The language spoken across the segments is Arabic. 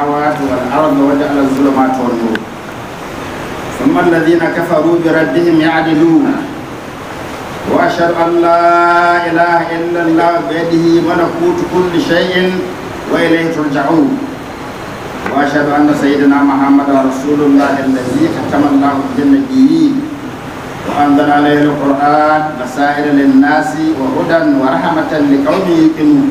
السماوات والأرض وجعل الظلمات والنور ثم الذين كفروا بردهم يعدلون وأشهد أن لا إله إلا الله بيده ملكوت كل شيء وإليه ترجعون وأشهد أن سيدنا محمد رسول الله الذي ختم الله بالنبيين وأنزل عليه القرآن بصائر للناس وهدى ورحمة لقوم يوقنون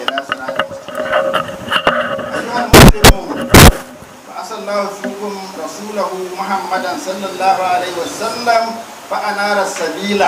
الله فيكم رسوله محمدا صلى الله عليه وسلم فأنار السبيل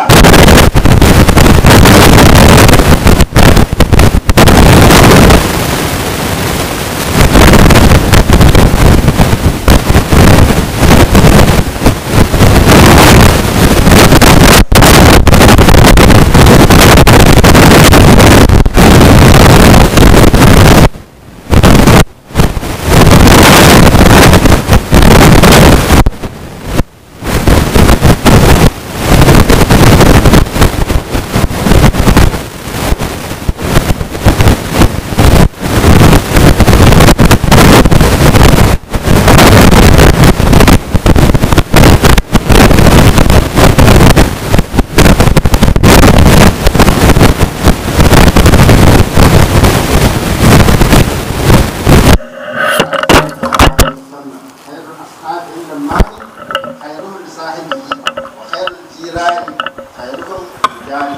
الجامع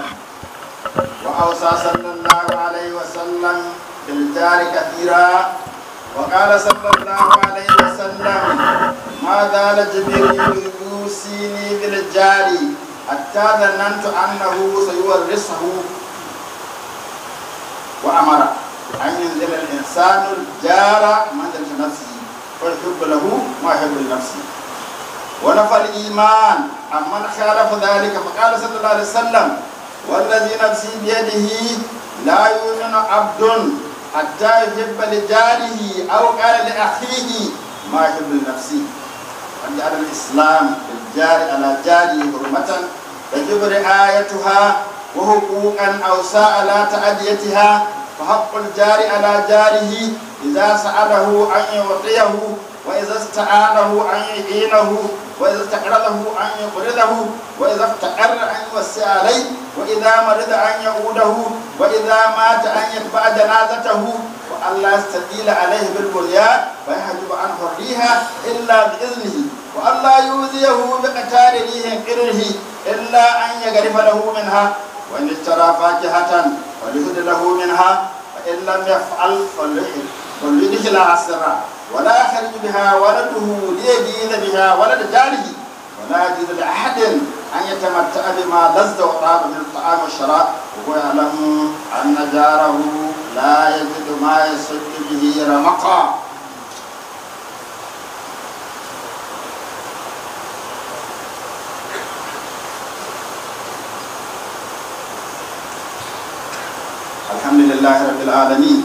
وأوصى صلى الله عليه وسلم بالجار كثيرا وقال صلى الله عليه وسلم ما زال جبريل يوصيني بالجار حتى ظننت أنه سيورثه وأمر أن ينزل الإنسان الجار منزلة نفسه ويحب له ما يحب لنفسه ونفى الإيمان عمن خالف ذلك فقال صلى الله عليه وسلم والذي نفسي بيده لا يؤمن عبد حتى يحب لجاره أو قال لأخيه ما يحب لنفسه وجعل الإسلام للجار على جاره حرمة تجب رعايتها وحقوقا أو ساء لا تأديتها فحق الجار على جاره إذا سأله أن يعطيه وإذا استعانه أن يعينه وإذا استقر له أن يقرده وإذا افتقر أن يوسع عليه وإذا مرض أن يعوده وإذا مات أن يتبع جنازته وأن لا يستديل عليه بالبنيان ويحجب عنه الريح إلا بإذنه وأن لا يؤذيه بقتال ريح قرره إلا أن يقرف له منها وإن اشترى فاكهة وليهد له منها وإن لم يفعل على السراء ولا يخرج بها ولده ليدين بها ولد جاره ولا يجوز لأحد أن يتمتع بما لذ وطاب من الطعام والشراب وهو يعلم أن جاره لا يجد ما يسد به رمقا الحمد لله رب العالمين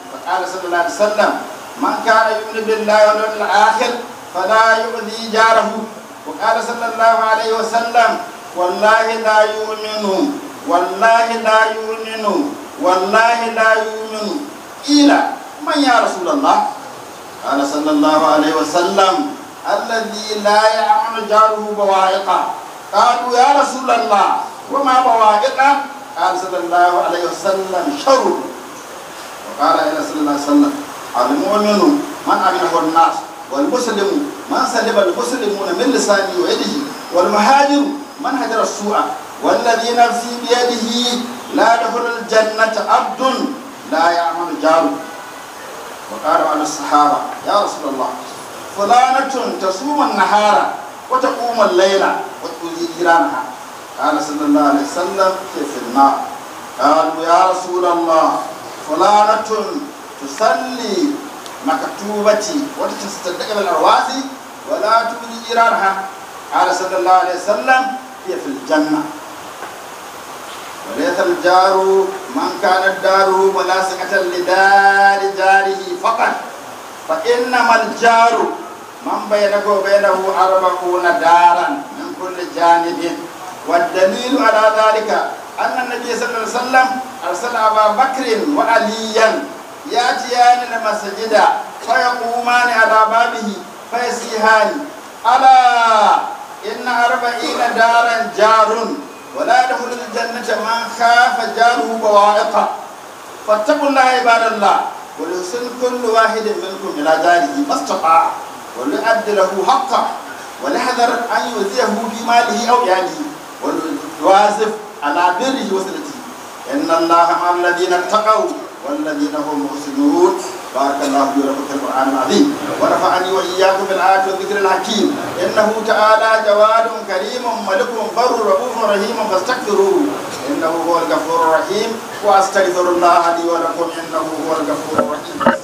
قال صلى الله عليه وسلم من كان يؤمن بالله واليوم الآخر فلا يؤذي جاره وقال صلى الله عليه وسلم والله لا يؤمن والله لا يؤمن والله لا يؤمن قيل من يا رسول الله قال صلى الله عليه وسلم الذي لا يعمل جاره بوائقا قالوا يا رسول الله وما بوائقا قال صلى الله عليه وسلم شر فقال الى صلى الله عليه وسلم المؤمن من امنه الناس والمسلم من سلب المسلمون من لسانه ويده والمهاجر من هجر السوء والذي نفسي بيده لا يدخل الجنة عبد لا يعمل جاره وقالوا على الصحابة يا رسول الله فلانة تصوم النهار وتقوم الليل وتؤذي جيرانها قال صلى الله عليه وسلم كيف النار قالوا يا رسول الله صلاة تصلي مكتوبتي وتستدعي بالأرواز ولا تبني جيرانها قال صلى الله عليه وسلم هي في الجنة وليس الجار من كان الدار ملاصقة لدار جاره فقط فإنما الجار من بينك وبينه أربعون دارا من كل جانب والدليل على ذلك أن النبي صلى الله عليه وسلم أرسل أبا بكر وعليا يأتيان المسجد فيقومان على بابه فيسيهان ألا إن أربعين دارا جار ولا يدخل الجنة من خاف جاره بوائقه فاتقوا الله عباد الله وليحسن كل واحد منكم إلى جاره ما استطاع وليؤد له حقه وليحذر أن يؤذيه بماله أو يعني وليواظب على بره وسنته إن الله مع الذين اتقوا والذين هم محسنون بارك الله لي ولكم في القرآن العظيم ونفعني وإياكم بالآيات والذكر الحكيم إنه تعالى جواد كريم ملك بر رؤوف رحيم فاستغفروه إنه هو الغفور الرحيم وأستغفر الله لي ولكم إنه هو الغفور الرحيم